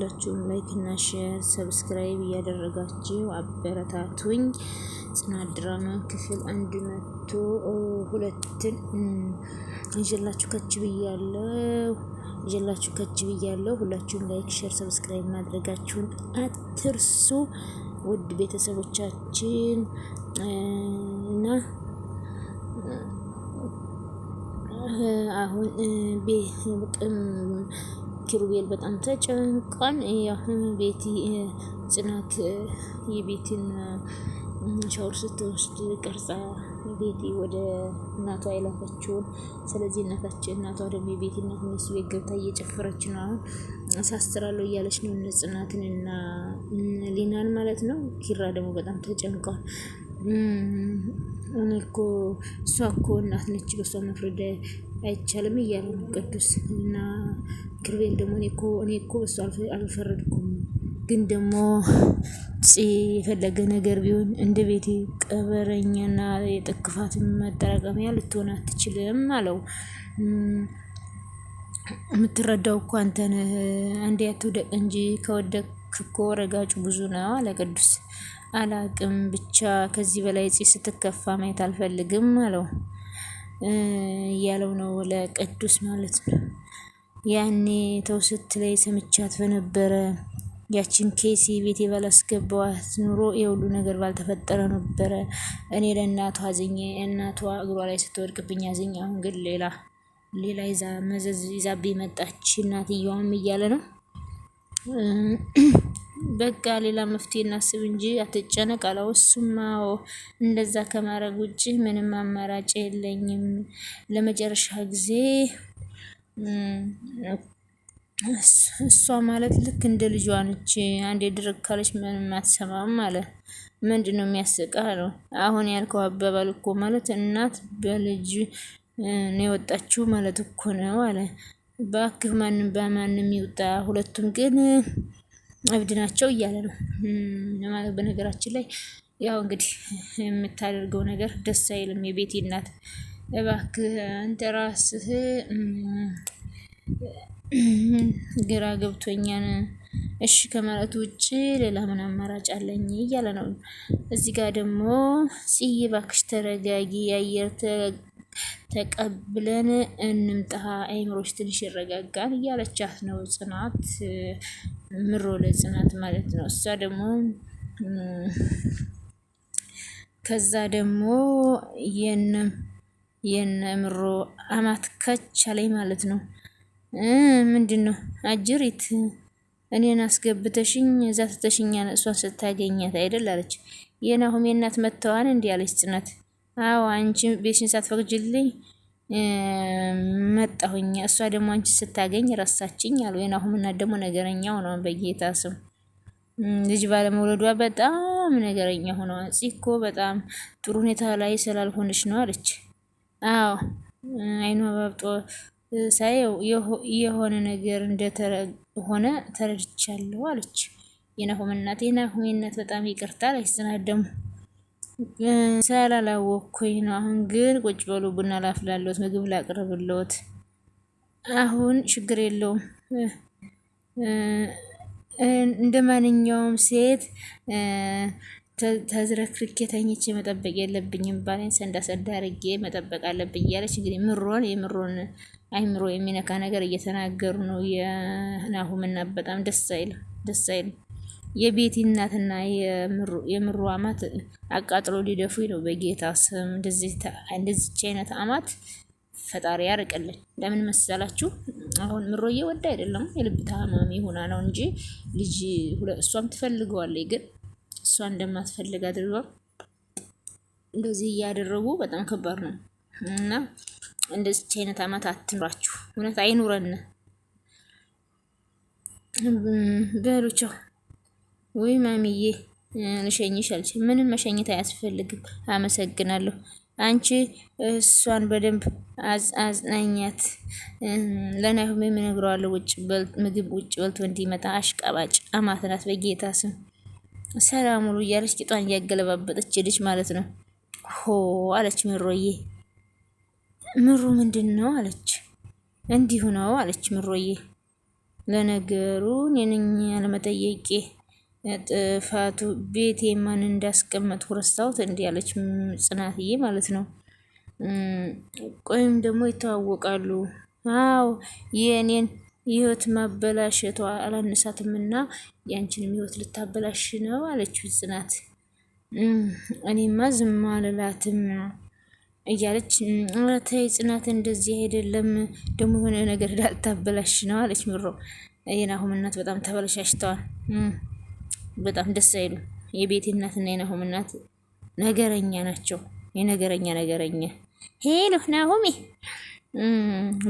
ሁላችሁም ላይክ እና ሼር ሰብስክራይብ እያደረጋችሁ አበረታቱኝ። ጽናት ድራማ ክፍል አንድ መቶ ሁለትን እንጀላችሁ ከች ብያለሁ እንጀላችሁ ከች ብያለሁ። ሁላችሁም ላይክ ሼር ሰብስክራይብ ማድረጋችሁን አትርሱ ውድ ቤተሰቦቻችን እና አሁን ኪሩቤል በጣም ተጨንቋን። ያህም ቤቲ ጽናት የቤቲን ሻወር ስትወስድ ቅርጻ ቤቲ ወደ እናቷ የላከችውን ስለዚህ እናታችን እናቷ ደግሞ የቤቲ እናት እነሱ ቤት ገብታ እየጨፈረች ነው። አሁን አሳስራለሁ እያለች ነው እነ ጽናትን እና ሊናን ማለት ነው። ኪራ ደግሞ በጣም ተጨንቋል። እኔ እኮ እሷ እኮ እናት ነች፣ በሷ መፍረድ አይቻልም እያለ ነው ቅዱስ እና ክርቤል ደግሞ እኔ እኮ እሱ አልፈረድኩም፣ ግን ደግሞ የፈለገ ነገር ቢሆን እንደ ቤቴ ቀበረኛና የጥክፋትን መጠራቀሚያ ልትሆን አትችልም አለው። የምትረዳው እኮ አንተን አንዴ አትውደቅ እንጂ ከወደክ እኮ ረጋጩ ብዙ ነው አለ ቅዱስ። አላቅም ብቻ ከዚህ በላይ ጽ ስትከፋ ማየት አልፈልግም አለው እያለው ነው ለቅዱስ ማለት ነው። ያኔ ተውስት ላይ ሰምቻት በነበረ ያችን ኬሲ ቤቴ ባላስገባዋት ኑሮ የሁሉ ነገር ባልተፈጠረ ነበረ። እኔ ለእናቷ አዝኜ እናቷ እግሯ ላይ ስትወድቅብኝ አዝኜ፣ አሁን ግን ሌላ ሌላ ይዛ መዘዝ ይዛብኝ መጣች እናትየዋም እያለ ነው። በቃ ሌላ መፍትሄ እናስብ እንጂ አትጨነቅ አለው። እሱማ እንደዛ ከማድረግ ውጭ ምንም አማራጭ የለኝም ለመጨረሻ ጊዜ እሷ ማለት ልክ እንደ ልጇ ነች። አንዴ ድርግ ካለች ምንም አትሰማም አለ። ምንድን ነው የሚያስቀህ ነው። አሁን ያልከው አባባል እኮ ማለት እናት በልጅ ነው የወጣችው ማለት እኮ ነው አለ። በአክፍ ማንም በማንም ይውጣ፣ ሁለቱም ግን እብድ ናቸው እያለ ነው በነገራችን ላይ ያው እንግዲህ የምታደርገው ነገር ደስ አይልም የቤቲ እናት እባክህ አንተ ራስህ ግራ ገብቶኛን እሺ ከማለት ውጭ ሌላ ምን አማራጭ አለኝ እያለ ነው። እዚህ ጋር ደግሞ ጽይ እባክሽ ተረጋጊ፣ የአየር ተቀብለን እንምጣ፣ አይምሮች ትንሽ ይረጋጋል እያለቻት ነው ጽናት ምሮ ለጽናት ማለት ነው። እሷ ደግሞ ከዛ ደግሞ የነም የነምሮ አማት ከች አለኝ ማለት ነው። ምንድን ነው አጅሪት እኔን አስገብተሽኝ እዛ ትተሽኛ እሷን ስታገኛት አይደል አለች። የናሁሜ እናት መጥተዋን እንዲህ አለች ጽናት። አዎ አንቺ ቤትሽን ሳትፈቅጅልኝ መጣሁኝ፣ እሷ ደግሞ አንቺ ስታገኝ ረሳችኝ አሉ። የናሁም እናት ደግሞ ነገረኛ ሆነዋን በጌታ ስም ልጅ ባለመውለዷ በጣም ነገረኛ ሆነዋን። ጽኮ በጣም ጥሩ ሁኔታ ላይ ስላልሆነች ነው አለች። አዎ አይኑ አባብጦ ሳየው የሆነ ነገር እንደሆነ ተረድቻለሁ አለች የናሆም እናት። የናሆም እናት በጣም ይቅርታ አለች ጽናት ደግሞ ስላላወኩኝ ነው። አሁን ግን ቁጭ በሉ፣ ቡና ላፍላለሁት፣ ምግብ ላቅርብለሁት። አሁን ችግር የለውም እንደ ማንኛውም ሴት ተዝረክርኬ ተኝቼ መጠበቅ የለብኝም፣ ባሌን ሰንዳ ሰንዳ መጠበቅ አለብኝ እያለች እንግዲህ ምሮን የምሮን አይምሮ የሚነካ ነገር እየተናገሩ ነው የናሁምና። በጣም ደስ አይልም፣ ደስ አይልም። የቤቲ እናትና አማት አቃጥሎ ሊደፉ ነው። በጌታ ስም እንደዚች አይነት አማት ፈጣሪ ያርቅልን። ለምን መሰላችሁ? አሁን ምሮዬ እየወዳ አይደለም የልብ ታማሚ ሆና ነው እንጂ ልጅ እሷም ትፈልገዋለች ግን እሷ እንደማትፈልግ አድርገው እንደዚህ እያደረጉ በጣም ከባድ ነው እና እንደዚች አይነት አመት አትኑራችሁ፣ እውነት አይኑረን። በሉቸው ወይ ማሚዬ ልሸኝሽ አለች። ምንም መሸኘት አያስፈልግም፣ አመሰግናለሁ። አንቺ እሷን በደንብ አጽናኛት። ለናሁም የምነግረዋለሁ ውጭ ምግብ ውጭ በልቶ እንዲመጣ። አሽቃባጭ አማትናት በጌታ ስም ሰላም ሙሉ እያለች ቂጧን እያገለባበጠች ሄደች ማለት ነው። ሆ አለች ምሮዬ። ምሩ ምንድን ነው አለች። እንዲሁ ነው አለች ምሮዬ። ለነገሩ እኔን ያለመጠየቄ ጥፋቱ ቤቴ ማን እንዳስቀመጥኩ ረሳሁት እንዲህ አለች ጽናትዬ ማለት ነው። ቆይም ደግሞ ይተዋወቃሉ። አዎ የእኔን ህይወት ማበላሸቷ አላነሳትምና ያንቺንም ህይወት ልታበላሽ ነው አለችው ጽናት። እኔማ ዝም አልላትም እያለች ተይ ጽናት፣ እንደዚህ አይደለም ደግሞ የሆነ ነገር ላልታበላሽ ነው አለች ምሮ። የናሁም እናት በጣም ተበላሽተዋል። በጣም ደስ አይሉ። የቤቴ እናትና የናሁም እናት ነገረኛ ናቸው። የነገረኛ ነገረኛ ሄሎ ናሁሜ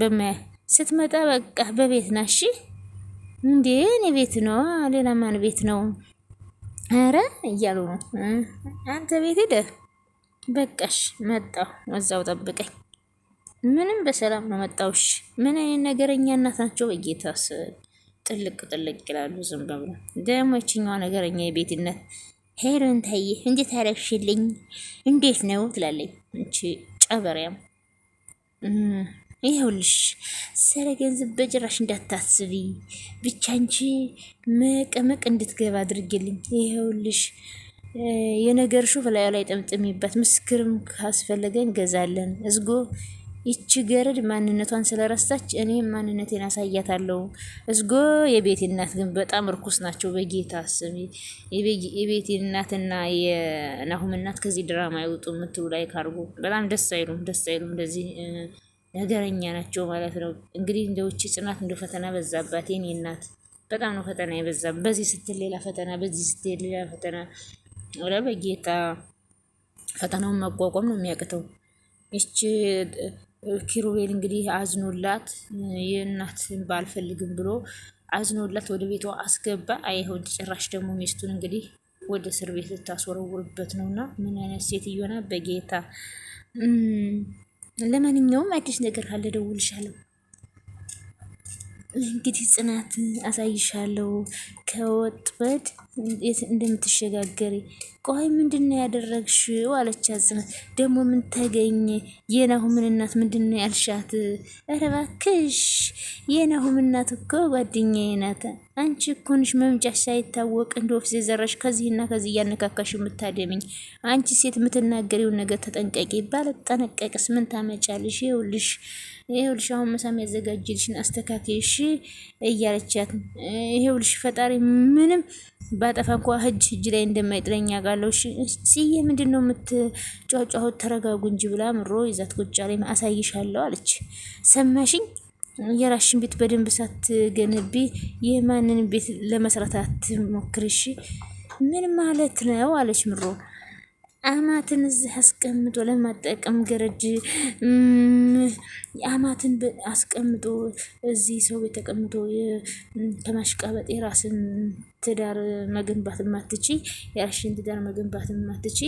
በማያ ስትመጣ በቃ በቤት ናሽ እንዴ እኔ ቤት ነው ሌላ ማን ቤት ነው? አረ እያሉ ነው። አንተ ቤት ሄደ በቃሽ፣ መጣሁ እዛው ጠብቀኝ። ምንም በሰላም ነው መጣውሽ። ምን አይነት ነገረኛ እናት ናቸው! በጌታስ ጥልቅ ጥልቅ ይላሉ። ዝም ብሎ ደግሞ ይችኛዋ ነገረኛ የቤትነት ሄሮን ታዬ እንዴት አረፍሽልኝ? እንዴት ነው ትላለኝ። እቺ ጨበሪያም ይኸውልሽ ስለ ገንዘብ በጭራሽ እንዳታስቢ፣ ብቻ አንቺ መቀመቅ እንድትገባ አድርግልኝ። ይኸውልሽ የነገር ሹፍ ላዩ ላይ ጠምጥሚበት፣ ምስክርም ካስፈለገ እንገዛለን። እዝጎ ይቺ ገረድ ማንነቷን ስለረሳች እኔ ማንነቴን አሳያታለሁ። እዝጎ የቤቴ እናት ግን በጣም ርኩስ ናቸው። በጌታ ስም የቤቴ እናትና የናሁም እናት ከዚህ ድራማ ይውጡ የምትሉ ላይ ካርጎ በጣም ደስ አይሉም፣ ደስ አይሉም እንደዚህ ነገረኛ ናቸው ማለት ነው። እንግዲህ እንደ ውጭ ጽናት እንደ ፈተና በዛባት የኔ እናት፣ በጣም ነው ፈተና የበዛ። በዚህ ስትል ሌላ ፈተና፣ በዚህ ስትል ሌላ ፈተና። ወደ በጌታ ፈተናውን መቋቋም ነው የሚያቅተው። ይች ኪሩቤል እንግዲህ አዝኖላት የእናት ባልፈልግም ብሎ አዝኖላት ወደ ቤቷ አስገባ። አይሆን ጭራሽ ደግሞ ሚስቱን እንግዲህ ወደ እስር ቤት ልታስወረውርበት ነውና ምን አይነት ሴትዮና በጌታ ለማንኛውም አዲስ ነገር ካለ ደውልሻለሁ። እንግዲህ ጽናት አሳይሻለሁ። ከወጥመድ እንደምትሸጋገሪ። ቆይ ምንድን ነው ያደረግሽው? አለቻት ጽናት። ደግሞ ምን ተገኘ? የናሁምን እናት ምንድን ነው ያልሻት? ኧረ እባክሽ የናሁም እናት እኮ ጓደኛዬ ናት። አንቺ እኮ ነሽ መምጫሽ ሳይታወቅ እንደ ወፍ የዘራሽ ከዚህና ከዚህ እያነካካሽ የምታደምኝ። አንቺ ሴት የምትናገሪውን ነገር ተጠንቀቂ። ባለጠነቀቅስ ምን ታመጫልሽ? ይኸውልሽ ይኸውልሽ አሁን መሳም ያዘጋጅልሽን አስተካክልሽ እያለቻት ይኸውልሽ ፈጣሪ ምንም ባጠፋ እንኳ ህጅ እጅ ላይ እንደማይጥለኝ አውቃለሁ። ስዬ ምንድን ነው የምትጫጫሁት? ተረጋጉ እንጂ ብላ ምሮ ይዛት ቁጭ ላይ አሳይሻለሁ አለች። ሰማሽኝ? የራሽን ቤት በደንብ ሳትገነቢ የማንን ቤት ለመስራት አትሞክርሽ። ምን ማለት ነው አለች ምሮ አማትን እዚህ አስቀምጦ ለማጠቀም ገረጅ አማትን አስቀምጦ እዚህ ሰው ቤት ተቀምጦ ከማሽቃበጥ የራስን ትዳር መገንባት ማትቺ የራስሽን ትዳር መገንባት ማትቺ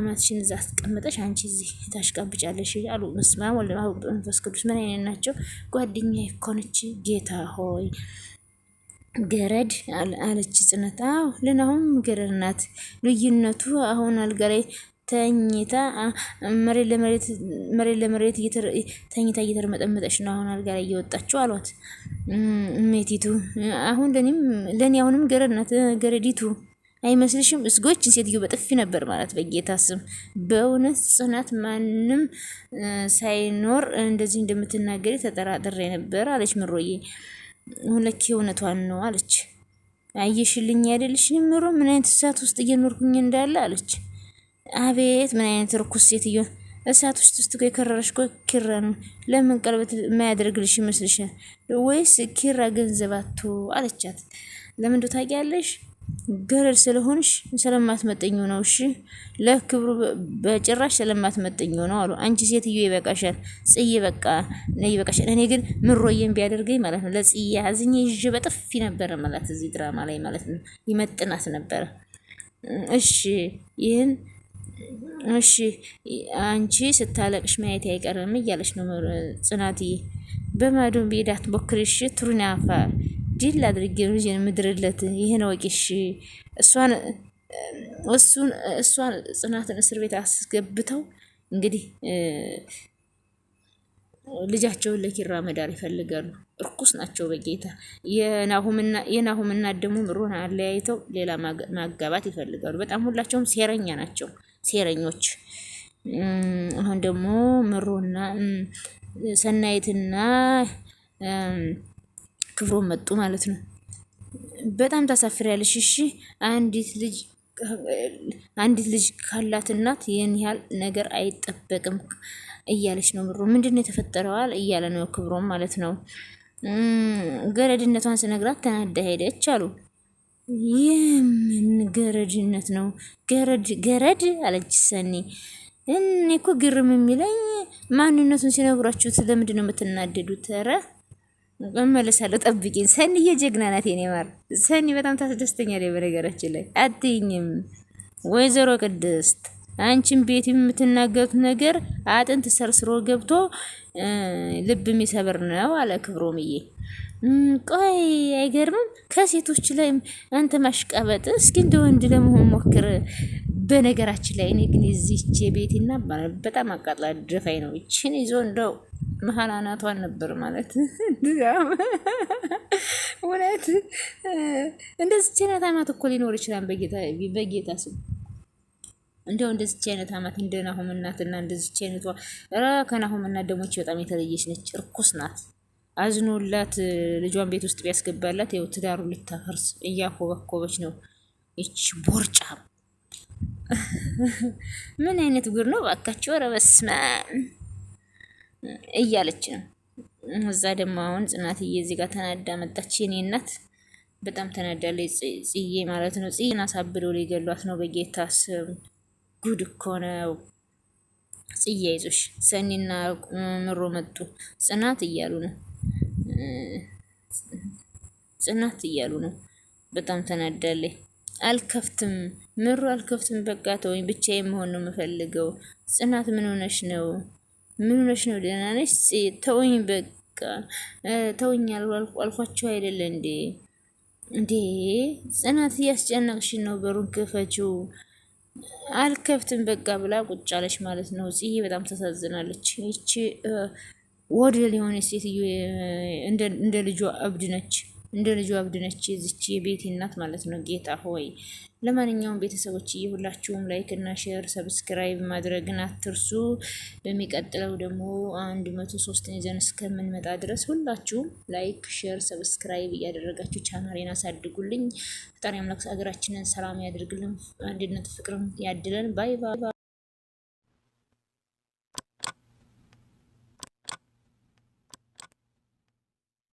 አማትሽን እዛ አስቀምጠሽ አንቺ እዚህ ታሽቃብጫለሽ አሉ። መስማ ወለ መንፈስ ቅዱስ ምን አይነት ናቸው? ጓደኛ የኮነች ጌታ ሆይ ገረድ አለች ጽናት። አዎ ለናሁም ገረድ ናት። ልዩነቱ አሁን አልጋ ላይ ተኝታ መሬት ለመሬት ተኝታ እየተርመጠመጠች ነው አሁን አልጋ ላይ እየወጣችው አሏት ሜቲቱ አሁን ለእኔ አሁንም ገረድ ናት ገረዲቱ አይመስልሽም? እስጎችን ሴትዮ በጥፊ ነበር ማለት በጌታ ስም። በእውነት ጽናት ማንም ሳይኖር እንደዚህ እንደምትናገሪ ተጠራጥሬ ነበር አለች ምሮዬ። ሁለኪ እውነቷን ነው አለች። አየሽልኝ ያደልሽ ጀምሮ ምን አይነት እሳት ውስጥ እየኖርኩኝ እንዳለ አለች። አቤት ምን አይነት ርኩስ ሴትዮ እሳት ውስጥ ውስጥ የከረረሽ ኮ ኪራ ነው። ለምን ቀለበት የማያደርግልሽ ይመስልሻል? ወይስ ኪራ አቶ አለቻት። ለምንዶ ታውቂያለሽ ገረድ ስለሆንሽ ስለማትመጠኝ ነው። እሺ ለክብሩ በጭራሽ ስለማትመጠኝ ነው አሉ። አንቺ ሴትዮ ይበቃሻል፣ ጽዬ በቃ ነይ ይበቃሻል። እኔ ግን ምሮዬን ቢያደርገኝ ማለት ነው ለጽዬ አዝኜ ይዤ በጥፊ ነበረ ማለት እዚህ ድራማ ላይ ማለት ነው ይመጥናት ነበረ። እሺ ይህን እሺ አንቺ ስታለቅሽ ማየት አይቀርም እያለች ነው ጽናትዬ። በማዶን ቤዳት ሞክሪሽ ትሩን ያፋ ድል አድርጌ ነው ልጅን ምድርለት። ይህን ወቂሽ እሷን እሱን እሷን ጽናትን እስር ቤት አስገብተው እንግዲህ ልጃቸውን ለኪራ መዳር ይፈልጋሉ። እርኩስ ናቸው በጌታ የናሁምና ደግሞ ምሮን አለያይተው ሌላ ማጋባት ይፈልጋሉ። በጣም ሁላቸውም ሴረኛ ናቸው፣ ሴረኞች። አሁን ደግሞ ምሮና ሰናይትና ክብሮ መጡ ማለት ነው። በጣም ታሳፍሪያለሽ። እሺ አንዲት ልጅ አንዲት ልጅ ካላት እናት ይህን ያህል ነገር አይጠበቅም እያለች ነው ምሮ። ምንድን ነው የተፈጠረዋል እያለ ነው ክብሮም ማለት ነው። ገረድነቷን ስነግራት ተናዳ ሄደች አሉ። ይህ ገረድነት ነው? ገረድ ገረድ አለች ሰኒ። እኔ እኮ ግርም የሚለኝ ማንነቱን ሲነግሯችሁት ለምንድን ነው የምትናደዱት? ኧረ እመልሳለሁ ጠብቂኝ። ሰኒዬ ጀግና ናት የኔ ማር። ሰኒ በጣም ታስደስተኛል። በነገራችን ላይ አትይኝም ወይዘሮ ቅድስት አንቺን ቤት የምትናገሩት ነገር አጥንት ሰርስሮ ገብቶ ልብ የሚሰብር ነው አለ ክብሮምዬ። ቆይ አይገርምም? ከሴቶች ላይ አንተ ማሽቀበጥ እስኪ እንደ ወንድ ለመሆን ሞክር። በነገራችን ላይ እኔ ግን የዚች የቤት ይናባላል በጣም አቃጥላ ድፋይ ነው። ይችን ይዞ እንደው መሀል አናቷን ነበር ማለት ድጋም እውነት እንደዚች አይነት አማት እኮ ሊኖር ይችላል። በጌታ ስም እንደው እንደዚች አይነት አማት እንደ ናሁም እናትና እንደዚች አይነቷ ራ ከናሁም እናት ደሞች በጣም የተለየች ነች። እርኩስ ናት። አዝኖላት ልጇን ቤት ውስጥ ቢያስገባላት ይኸው ትዳሩ ልታፈርስ እያኮበኮበች ነው ይች ቦርጫም ምን አይነት ጉድ ነው ባካችሁ! ኧረ በስመ አብ እያለች ነው። እዛ ደግሞ አሁን ጽናትዬ እዚህ ጋር ተናዳ መጣች። የኔ እናት በጣም ተናዳለች። ጽዬ ማለት ነው። ጽዬን አሳብደው ሊገሏት ነው። በጌታ ስም ጉድ እኮ ነው። ጽዬ አይዞሽ፣ ሰኒና ምሮ መጡ ጽናት እያሉ ነው። ጽናት እያሉ ነው። በጣም ተናዳለች። አልከፍትም ምሩ አልከፍትም፣ በቃ ተወኝ፣ ብቻዬን መሆን ነው የምፈልገው። ጽናት ምን ሆነሽ ነው? ምን ሆነሽ ነው? ደህና ነሽ? ተወኝ፣ በቃ ተወኝ፣ አልኳቸው አይደለ እንዴ? እንዴ ጽናት እያስጨነቅሽ ነው፣ በሩን ክፈችው። አልከፍትም በቃ ብላ ቁጭ አለች ማለት ነው። ጽዬ በጣም ተሳዝናለች። ይቺ ወደ ሊሆነ ሴትዮ እንደ ልጇ እብድ ነች። እንደ ልጇ አብድነች ዝቺ የቤት እናት ማለት ነው። ጌታ ሆይ ለማንኛውም ቤተሰቦች ሁላችሁም ላይክ እና ሼር ሰብስክራይብ ማድረግን አትርሱ። በሚቀጥለው ደግሞ አንድ መቶ ሶስትን ይዘን እስከምንመጣ ድረስ ሁላችሁም ላይክ፣ ሼር፣ ሰብስክራይብ እያደረጋችሁ ቻናሌን አሳድጉልኝ። ፈጣሪ አምላክ ሀገራችንን ሰላም ያደርግልን፣ አንድነት ፍቅርን ያድለን። ባይ ባይ።